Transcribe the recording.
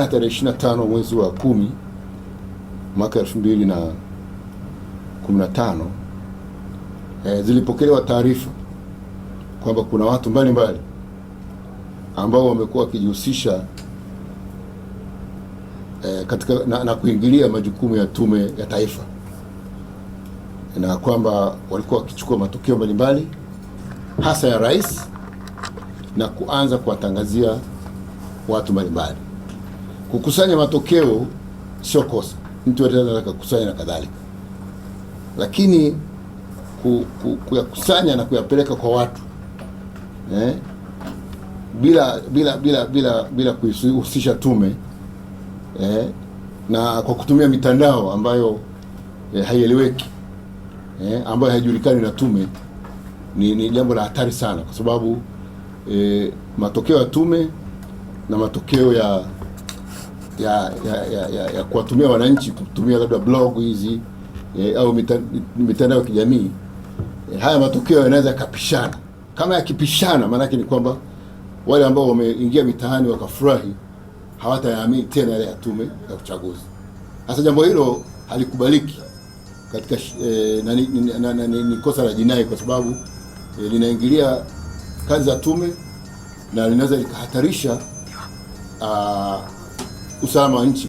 Tarehe 25 mwezi wa kumi mwaka 2015 e, eh, zilipokelewa taarifa kwamba kuna watu mbalimbali ambao wamekuwa wakijihusisha e, katika na, na kuingilia majukumu ya Tume ya Taifa na kwamba walikuwa wakichukua matukio mbalimbali hasa ya rais na kuanza kuwatangazia watu mbalimbali. Kukusanya matokeo sio kosa, mtu anataka kukusanya na kadhalika, lakini kuyakusanya na kuyapeleka kwa watu eh, bila bila bila bila bila kuhusisha tume eh, na kwa kutumia mitandao ambayo eh, haieleweki eh, ambayo haijulikani na tume ni, ni jambo la hatari sana, kwa sababu eh, matokeo ya tume na matokeo ya ya ya, ya, ya, ya kuwatumia wananchi kutumia labda blog hizi ya, eh, au mitandao ya kijamii ya, eh, haya matukio yanaweza yakapishana. Kama yakipishana, maana yake ni kwamba wale ambao wameingia mitaani wakafurahi hawatayaamini tena yale ya tume ya uchaguzi. Sasa jambo hilo halikubaliki katika eh, nani, ni kosa la jinai kwa sababu eh, linaingilia kazi za tume na linaweza likahatarisha uh, os amantes